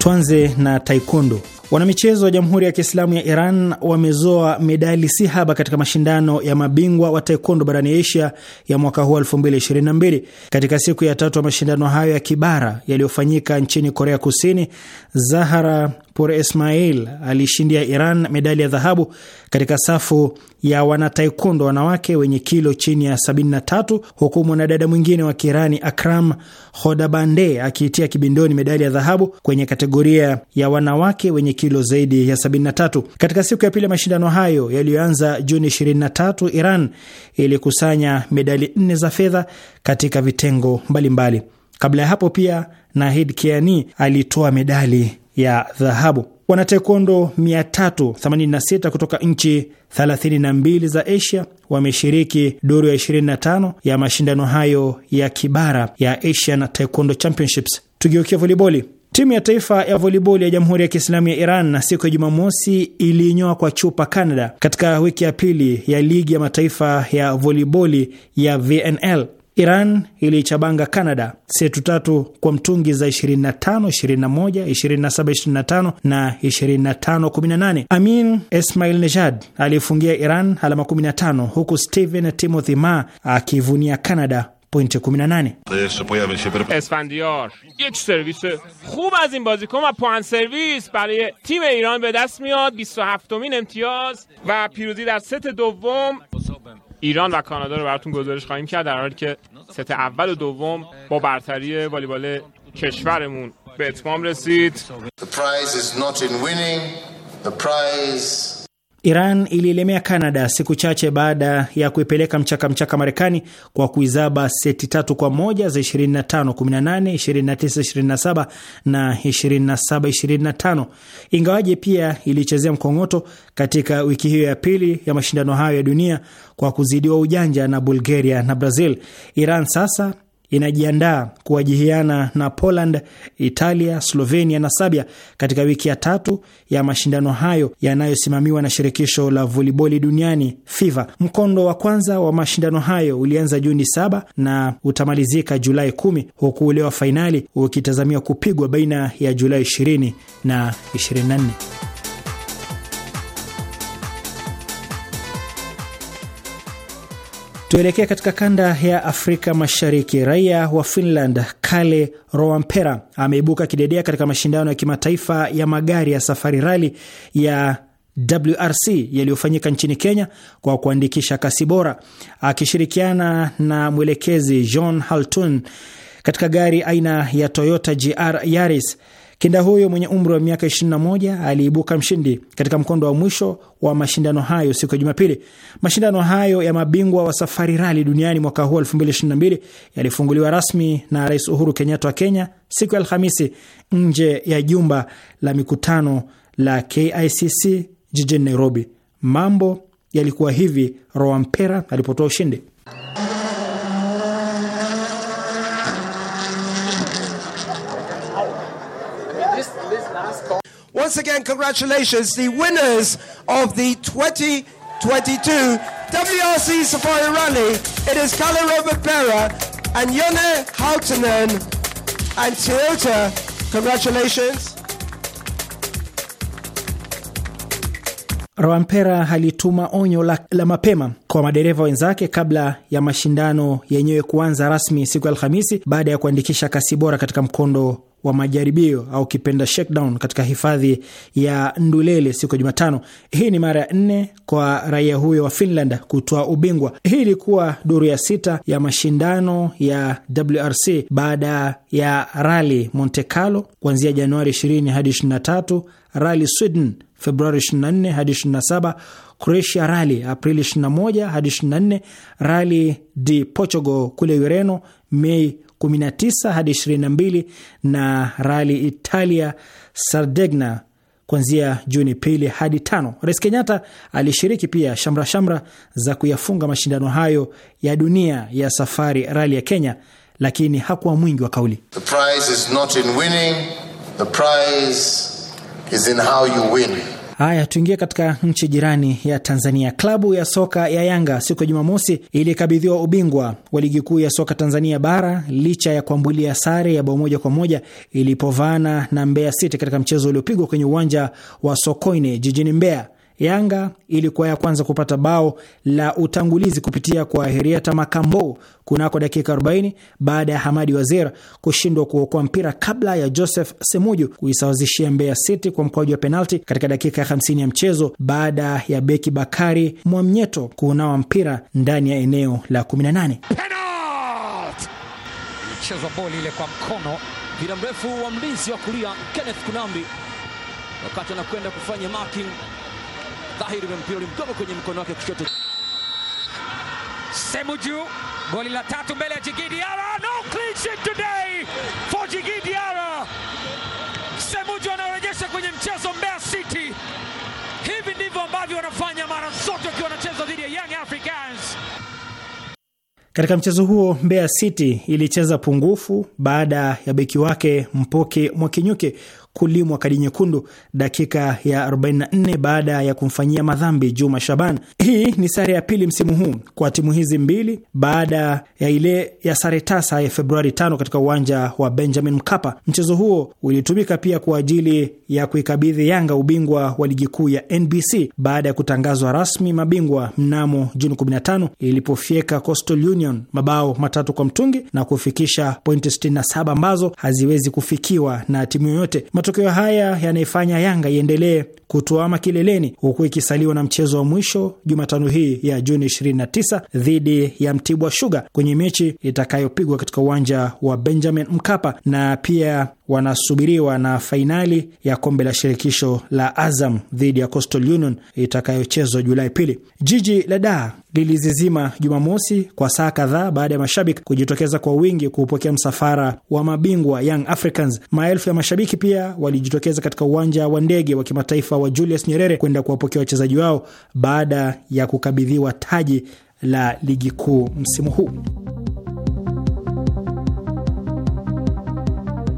Tuanze na taekwondo. Wanamichezo wa Jamhuri ya Kiislamu ya Iran wamezoa medali si haba katika mashindano ya mabingwa wa taekwondo barani Asia ya mwaka huu 2022. Katika siku ya tatu ya mashindano hayo ya kibara yaliyofanyika nchini Korea Kusini, Zahara pur ismail alishindia Iran medali ya dhahabu katika safu ya wanataekwondo wanawake wenye kilo chini ya 73 huku mwanadada mwingine wa Kiirani Akram Hodabande akiitia kibindoni medali ya dhahabu kwenye kategoria ya wanawake wenye kilo zaidi ya 73. Katika siku ya pili ya mashindano hayo yaliyoanza Juni 23, Iran ilikusanya medali nne za fedha katika vitengo mbalimbali mbali. Kabla ya hapo pia Nahid Kiani alitoa medali ya dhahabu. Wanatekondo 386 kutoka nchi 32 za Asia wameshiriki duru ya 25 ya mashindano hayo ya kibara ya Asian Taekwondo Championships. Tugeukia voliboli. Timu ya taifa ya volleyball ya Jamhuri ya Kiislamu ya Iran na siku ya Jumamosi iliinyoa kwa chupa Canada katika wiki ya pili ya ligi ya mataifa ya volleyball ya VNL. Iran iliichabanga Canada setu tatu kwa mtungi za 25 21 27 25 na 25 18. Amin Esmail Nejad aliifungia Iran alama 15 huku Stephen Timothy Ma akiivunia Canada پوینت اسفندیار یک سرویس خوب از این بازیکن و پوان سرویس برای تیم ایران به دست میاد 27 مین امتیاز و پیروزی در ست دوم ایران و کانادا رو براتون گزارش خواهیم کرد در حالی که ست اول و دوم با برتری والیبال کشورمون به اتمام رسید The prize is not Iran ililemea Canada siku chache baada ya kuipeleka mchaka mchaka Marekani kwa kuizaba seti tatu kwa moja za 25 18, 29 na 27 25, ingawaje pia ilichezea mkong'oto katika wiki hiyo ya pili ya mashindano hayo ya dunia kwa kuzidiwa ujanja na Bulgaria na Brazil. Iran sasa inajiandaa kuwajihiana na Poland, Italia, Slovenia na Sabia katika wiki ya tatu ya mashindano hayo yanayosimamiwa na shirikisho la voliboli duniani FIVA. Mkondo wa kwanza wa mashindano hayo ulianza Juni saba na utamalizika Julai kumi, huku ule wa fainali ukitazamiwa kupigwa baina ya Julai 20 na 24. Tuelekee katika kanda ya Afrika Mashariki. Raia wa Finland Kale Roampera ameibuka kidedea katika mashindano ya kimataifa ya magari ya safari rali ya WRC yaliyofanyika nchini Kenya kwa kuandikisha kasi bora, akishirikiana na mwelekezi John Haltun katika gari aina ya Toyota GR Yaris. Kinda huyo mwenye umri wa miaka 21 aliibuka mshindi katika mkondo wa mwisho wa mashindano hayo siku ya Jumapili. Mashindano hayo ya mabingwa wa safari rali duniani mwaka huu 2022 yalifunguliwa rasmi na Rais Uhuru Kenyatta wa Kenya siku ya Alhamisi nje ya jumba la mikutano la KICC jijini Nairobi. Mambo yalikuwa hivi Roampera alipotoa ushindi. Once again, congratulations, the winners of the 2022 WRC Safari Rally. It is Kalle Robert Berra and Yone Hautanen and Toyota. Congratulations. Rwampera alituma onyo la, la mapema kwa madereva wenzake kabla ya mashindano yenyewe kuanza rasmi siku ya Alhamisi baada ya kuandikisha kasi bora katika mkondo wa majaribio au kipenda shakedown katika hifadhi ya Ndulele siku ya Jumatano. Hii ni mara ya nne kwa raia huyo wa Finland kutoa ubingwa. Hii ilikuwa duru ya sita ya mashindano ya WRC baada ya Rali Monte Carlo kuanzia Januari 20 hadi 23, Rali Sweden Februari 24 hadi 27, Croatia Rali Aprili 21 hadi 24, Rali de Portugal kule Ureno Mei 19 hadi 22 na Rali Italia Sardegna kuanzia Juni pili hadi tano. Rais Kenyatta alishiriki pia shamra shamra za kuyafunga mashindano hayo ya dunia ya safari rali ya Kenya, lakini hakuwa mwingi wa kauli. The prize is not in winning, the prize is in how you win. Haya, tuingie katika nchi jirani ya Tanzania. Klabu ya soka ya Yanga siku ya Jumamosi ilikabidhiwa ubingwa wa ligi kuu ya soka Tanzania bara licha ya kuambulia sare ya bao moja kwa moja ilipovana na Mbeya City katika mchezo uliopigwa kwenye uwanja wa Sokoine jijini Mbeya. Yanga ilikuwa ya kwanza kupata bao la utangulizi kupitia kwa Heriata Makambo kunako dakika 40 baada ya Hamadi Wazir kushindwa kuokoa mpira kabla ya Joseph Semuju kuisawazishia Mbeya City kwa mkwaju wa penalti katika dakika ya 50 ya mchezo baada ya beki Bakari Mwamnyeto kuunawa mpira ndani ya eneo la 18. Ilichezwa boli ile kwa mkono mrefu wa mlinzi wa kulia Kenneth Kunambi wakati anakwenda kufanya marking dhahiri mpira ulimgonga kwenye mkono wake kushoto. Semuju, goli la tatu mbele ya Djigui Diarra. No clean sheet today for Djigui Diarra. Semuju anarejesha kwenye mchezo Mbeya City. Hivi ndivyo ambavyo wanafanya mara zote wakiwa wanacheza dhidi ya Young Africans. Katika mchezo huo Mbeya City ilicheza pungufu baada ya beki wake Mpoke Mwakinyuke kulimwa kadi nyekundu dakika ya 44 baada ya kumfanyia madhambi Juma Shaban. Hii ni sare ya pili msimu huu kwa timu hizi mbili baada ya ile ya sare tasa ya Februari 5 katika uwanja wa Benjamin Mkapa. Mchezo huo ulitumika pia kwa ajili ya kuikabidhi Yanga ubingwa wa ligi kuu ya NBC baada ya kutangazwa rasmi mabingwa mnamo Juni 15 ilipofyeka Coastal Union mabao matatu kwa mtungi na kufikisha pointi 67 ambazo haziwezi kufikiwa na timu yoyote. Matokeo haya yanaifanya Yanga iendelee kutuama kileleni huku ikisaliwa na mchezo wa mwisho Jumatano hii ya Juni 29 dhidi ya Mtibwa Sugar kwenye mechi itakayopigwa katika uwanja wa Benjamin Mkapa na pia wanasubiriwa na fainali ya kombe la shirikisho la Azam dhidi ya Coastal Union itakayochezwa Julai pili. Jiji la Dar lilizizima Jumamosi kwa saa kadhaa baada ya mashabiki kujitokeza kwa wingi kuupokea msafara wa mabingwa Young Africans. Maelfu ya mashabiki pia walijitokeza katika uwanja wa ndege wa kimataifa wa Julius Nyerere kwenda kuwapokea wachezaji wao baada ya kukabidhiwa taji la ligi kuu msimu huu.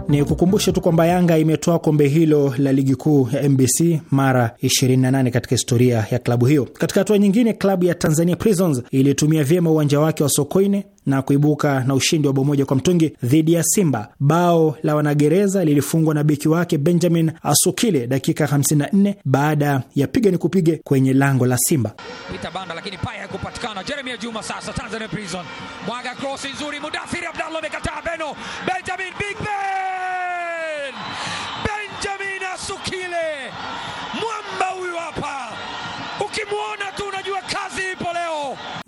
Ni kukumbushe tu kwamba Yanga imetoa kombe hilo la ligi kuu ya MBC mara 28 katika historia ya klabu hiyo. Katika hatua nyingine, klabu ya Tanzania Prisons ilitumia vyema uwanja wake wa Sokoine na kuibuka na ushindi wa bao moja kwa mtungi dhidi ya Simba. Bao la wanagereza lilifungwa na beki wake Benjamin Asukile dakika 54 baada ya piga ni kupige kwenye lango la Simba. Itabanda lakini paya haikupatikana. Jeremia Juma sasa Tanzania Prison. Mwaga nzuri, Mudathiri Abdallah amekataa Beno. Benjamin Big Ben. Benjamin Asukile. Mwamba huyu hapa.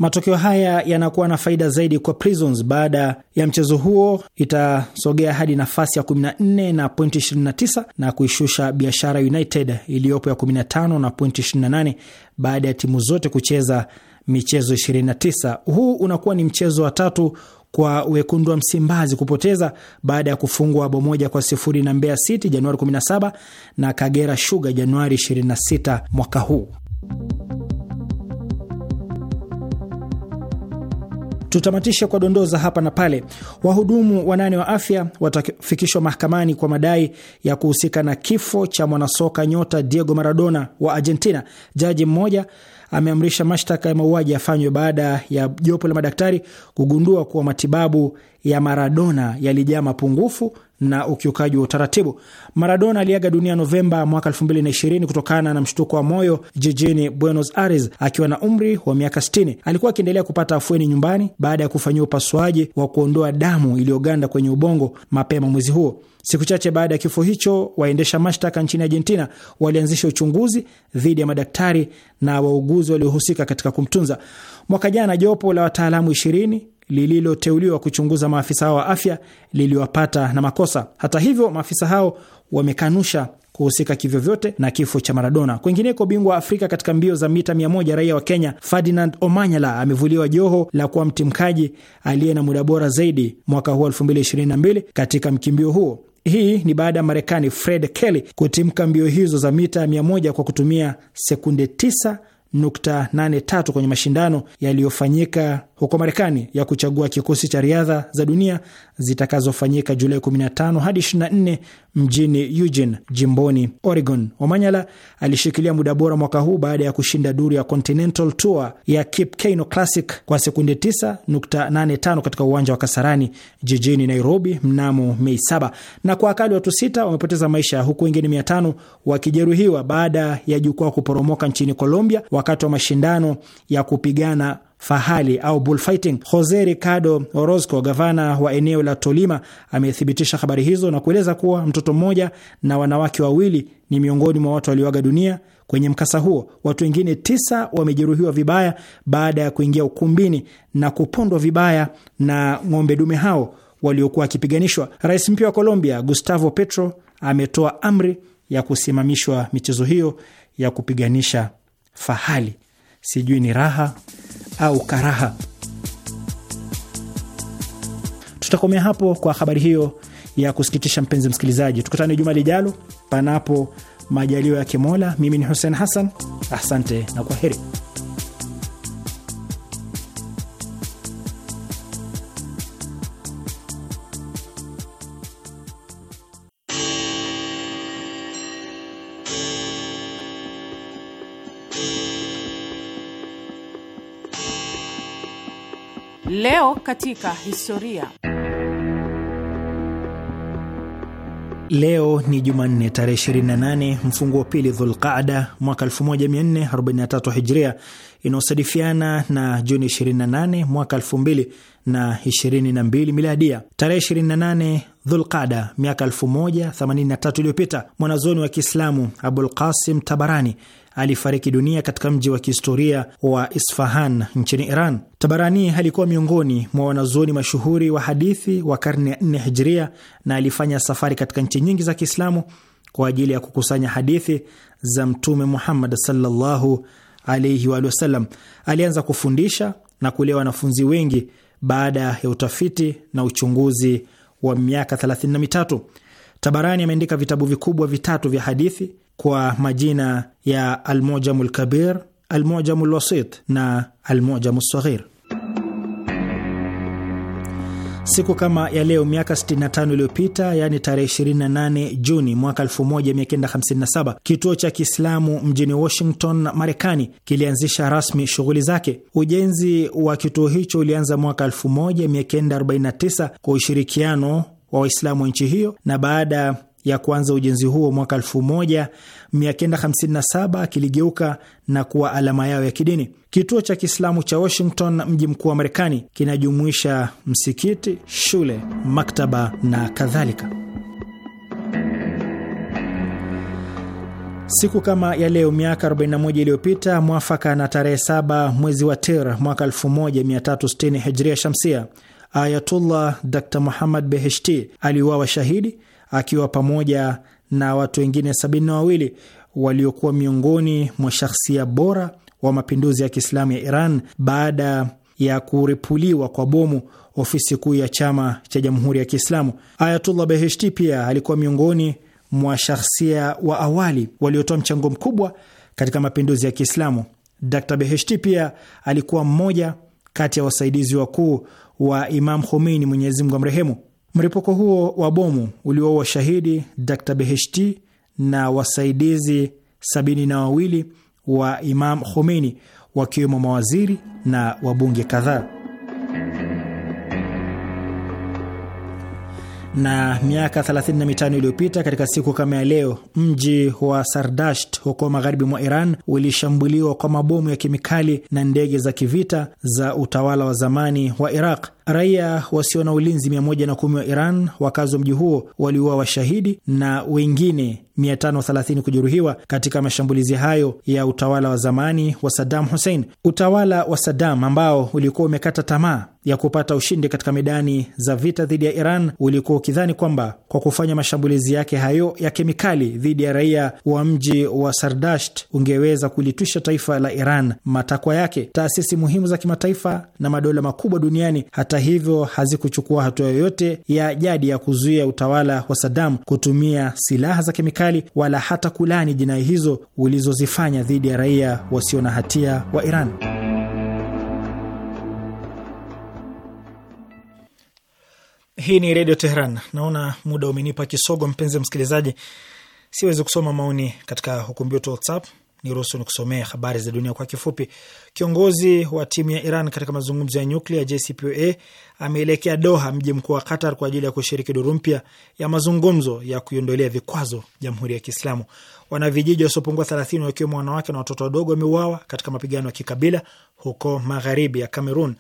Matokeo haya yanakuwa na faida zaidi kwa Prisons baada ya mchezo huo itasogea hadi nafasi ya 14 na pointi 29 na kuishusha Biashara United iliyopo ya 15 na pointi 28 baada ya timu zote kucheza michezo 29. Huu unakuwa ni mchezo wa tatu kwa wekundu wa Msimbazi kupoteza baada ya kufungwa bao moja kwa sifuri na Mbeya City Januari 17 na Kagera Sugar Januari 26 mwaka huu. Tutamatishe kwa dondoo za hapa na pale. Wahudumu wanane wa afya watafikishwa mahakamani kwa madai ya kuhusika na kifo cha mwanasoka nyota Diego Maradona wa Argentina. Jaji mmoja ameamrisha mashtaka ya mauaji yafanywe baada ya jopo la madaktari kugundua kuwa matibabu ya Maradona yalijaa mapungufu na ukiukaji wa utaratibu. Maradona aliaga dunia Novemba mwaka 2020 kutokana na mshtuko wa moyo jijini Buenos Aires akiwa na umri wa miaka 60. Alikuwa akiendelea kupata afueni nyumbani baada ya kufanyiwa upasuaji wa kuondoa damu iliyoganda kwenye ubongo mapema mwezi huo. Siku chache baada ya kifo hicho, waendesha mashtaka nchini Argentina walianzisha uchunguzi dhidi ya madaktari na wauguzi waliohusika katika kumtunza. Mwaka jana jopo la wataalamu ishirini lililoteuliwa kuchunguza maafisa hao wa afya liliwapata na makosa. Hata hivyo, maafisa hao wamekanusha kuhusika kivyovyote na kifo cha Maradona. Kwingineko, bingwa wa Afrika katika mbio za mita 100 raia wa Kenya Ferdinand Omanyala amevuliwa joho la kuwa mtimkaji aliye na muda bora zaidi mwaka huu 2022 katika mkimbio huo. Hii ni baada ya Marekani Fred Kelly kutimka mbio hizo za mita 100 kwa kutumia sekunde 9.83 kwenye mashindano yaliyofanyika huko Marekani ya kuchagua kikosi cha riadha za dunia zitakazofanyika Julai 15 hadi 24 mjini Eugene, jimboni Oregon. Omanyala alishikilia muda bora mwaka huu baada ya kushinda duru ya Continental Tour ya Kip Keino Classic kwa sekunde 9.85 katika uwanja wa Kasarani jijini Nairobi mnamo Mei 7, na kwa akali watu sita wamepoteza maisha huku wengine 500 wakijeruhiwa baada ya jukwaa kuporomoka nchini Colombia wakati wa mashindano ya kupigana fahali au bullfighting. Jose Ricardo Orozco, gavana wa eneo la Tolima, amethibitisha habari hizo na kueleza kuwa mtoto mmoja na wanawake wawili ni miongoni mwa watu walioaga dunia kwenye mkasa huo. Watu wengine tisa wamejeruhiwa vibaya baada ya kuingia ukumbini na kupondwa vibaya na ng'ombe dume hao waliokuwa wakipiganishwa. Rais mpya wa Colombia Gustavo Petro ametoa amri ya kusimamishwa michezo hiyo ya kupiganisha fahali. Sijui ni raha au karaha. Tutakomea hapo kwa habari hiyo ya kusikitisha, mpenzi msikilizaji. Tukutane juma lijalo, panapo majalio ya Kimola. Mimi ni Hussein Hassan, asante na kwa heri. Leo katika historia. Leo ni Jumanne tarehe 28 mfungu wa pili Dhulqaada mwaka 1443 Hijria, inayosadifiana na Juni 28 mwaka 2022 Miladia. Tarehe 28 Dhulqaada miaka 1083 iliyopita, mwanazoni wa Kiislamu Abul Qasim Tabarani alifariki dunia katika mji wa kihistoria wa Isfahan nchini Iran. Tabarani alikuwa miongoni mwa wanazuoni mashuhuri wa hadithi wa karne ya 4 Hijria, na alifanya safari katika nchi nyingi za Kiislamu kwa ajili ya kukusanya hadithi za Mtume Muhammad sallallahu alaihi wa sallam. Alianza kufundisha na kulea wanafunzi wengi baada ya utafiti na uchunguzi wa miaka 33. Tabarani ameandika vitabu vikubwa vitatu vya hadithi kwa majina ya Almujamu lkabir, Almujamu lwasit na Almujamu lsaghir. Siku kama ya leo miaka 65 iliyopita, yaani tarehe 28 Juni mwaka 1957, kituo cha Kiislamu mjini Washington, Marekani kilianzisha rasmi shughuli zake. Ujenzi wa kituo hicho ulianza mwaka 1949 kwa ushirikiano wa Waislamu wa nchi hiyo na baada ya kuanza ujenzi huo mwaka 1957 kiligeuka na kuwa alama yao ya kidini. Kituo cha Kiislamu cha Washington, mji mkuu wa Marekani, kinajumuisha msikiti, shule, maktaba na kadhalika. Siku kama ya leo miaka 41 iliyopita mwafaka na tarehe 7 mwezi wa Tir mwaka 1360 hijria shamsia, Ayatullah Dr Muhammad Beheshti aliuawa shahidi akiwa pamoja na watu wengine sabini na wawili waliokuwa miongoni mwa shahsia bora wa mapinduzi ya Kiislamu ya Iran baada ya kuripuliwa kwa bomu ofisi kuu ya chama cha Jamhuri ya Kiislamu. Ayatullah Beheshti pia alikuwa miongoni mwa shahsia wa awali waliotoa mchango mkubwa katika mapinduzi ya Kiislamu. Dr Beheshti pia alikuwa mmoja kati ya wasaidizi wakuu wa Imam Khomeini, Mwenyezi Mungu amrehemu. Mlipuko huo wa bomu ulioua shahidi Dr Beheshti na wasaidizi sabini na wawili wa Imam Khomeini, wakiwemo mawaziri na wabunge kadhaa. Na miaka 35 iliyopita katika siku kama ya leo, mji wa Sardasht huko magharibi mwa Iran ulishambuliwa kwa mabomu ya kemikali na ndege za kivita za utawala wa zamani wa Iraq. Raia wasio na ulinzi 110 wa Iran, wakazi wa mji huo, waliuawa washahidi na wengine 530 kujeruhiwa katika mashambulizi hayo ya utawala wa zamani wa Saddam Hussein. Utawala wa Saddam ambao ulikuwa umekata tamaa ya kupata ushindi katika medani za vita dhidi ya Iran ulikuwa ukidhani kwamba kwa kufanya mashambulizi yake hayo ya kemikali dhidi ya raia wa mji wa Sardasht ungeweza kulitwisha taifa la Iran matakwa yake. Taasisi muhimu za kimataifa na madola makubwa duniani hata hivyo hazikuchukua hatua yoyote ya jadi ya kuzuia utawala wa sadam kutumia silaha za kemikali wala hata kulani jinai hizo ulizozifanya dhidi ya raia wasio na hatia wa Iran. Hii ni Redio Teheran. Naona muda umenipa kisogo, mpenzi msikilizaji, siwezi kusoma maoni katika ukumbi wetu WhatsApp niruhusu ni kusomea habari za dunia kwa kifupi. Kiongozi wa timu ya Iran katika mazungumzo ya nyuklia JCPOA ameelekea Doha, mji mkuu wa Qatar, kwa ajili ya kushiriki duru mpya ya mazungumzo ya kuiondolea vikwazo jamhuri ya Kiislamu. Wanavijiji wasiopungua thelathini wakiwemo wanawake na watoto wadogo wameuawa katika mapigano ya kikabila huko magharibi ya Cameroon.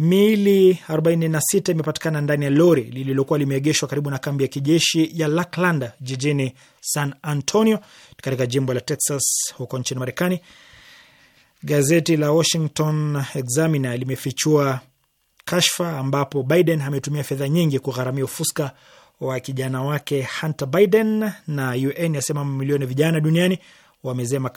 Miili 46 imepatikana ndani ya lori lililokuwa limeegeshwa karibu na kambi ya kijeshi ya Lackland jijini San Antonio katika jimbo la Texas huko nchini Marekani. Gazeti la Washington Examiner limefichua kashfa ambapo Biden ametumia fedha nyingi kugharamia ufuska wa kijana wake Hunter Biden, na UN yasema mamilioni ya vijana duniani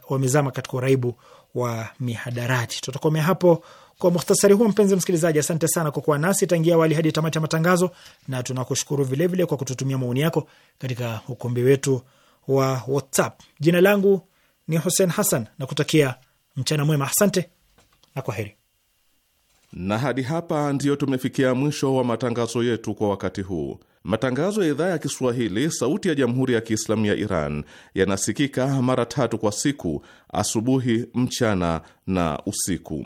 wamezama katika uraibu wa mihadarati. Tutakomea hapo kwa muhtasari huo, mpenzi msikilizaji, asante sana kwa kuwa nasi tangia awali hadi tamati ya matangazo, na tunakushukuru vilevile kwa kututumia maoni yako katika ukumbi wetu wa WhatsApp. Jina langu ni Hussein Hassan na kutakia mchana mwema. Asante na kwa heri. Na hadi hapa ndiyo tumefikia mwisho wa matangazo yetu kwa wakati huu. Matangazo ya idhaa ya Kiswahili sauti ya jamhuri ya Kiislamu ya Iran yanasikika mara tatu kwa siku: asubuhi, mchana na usiku.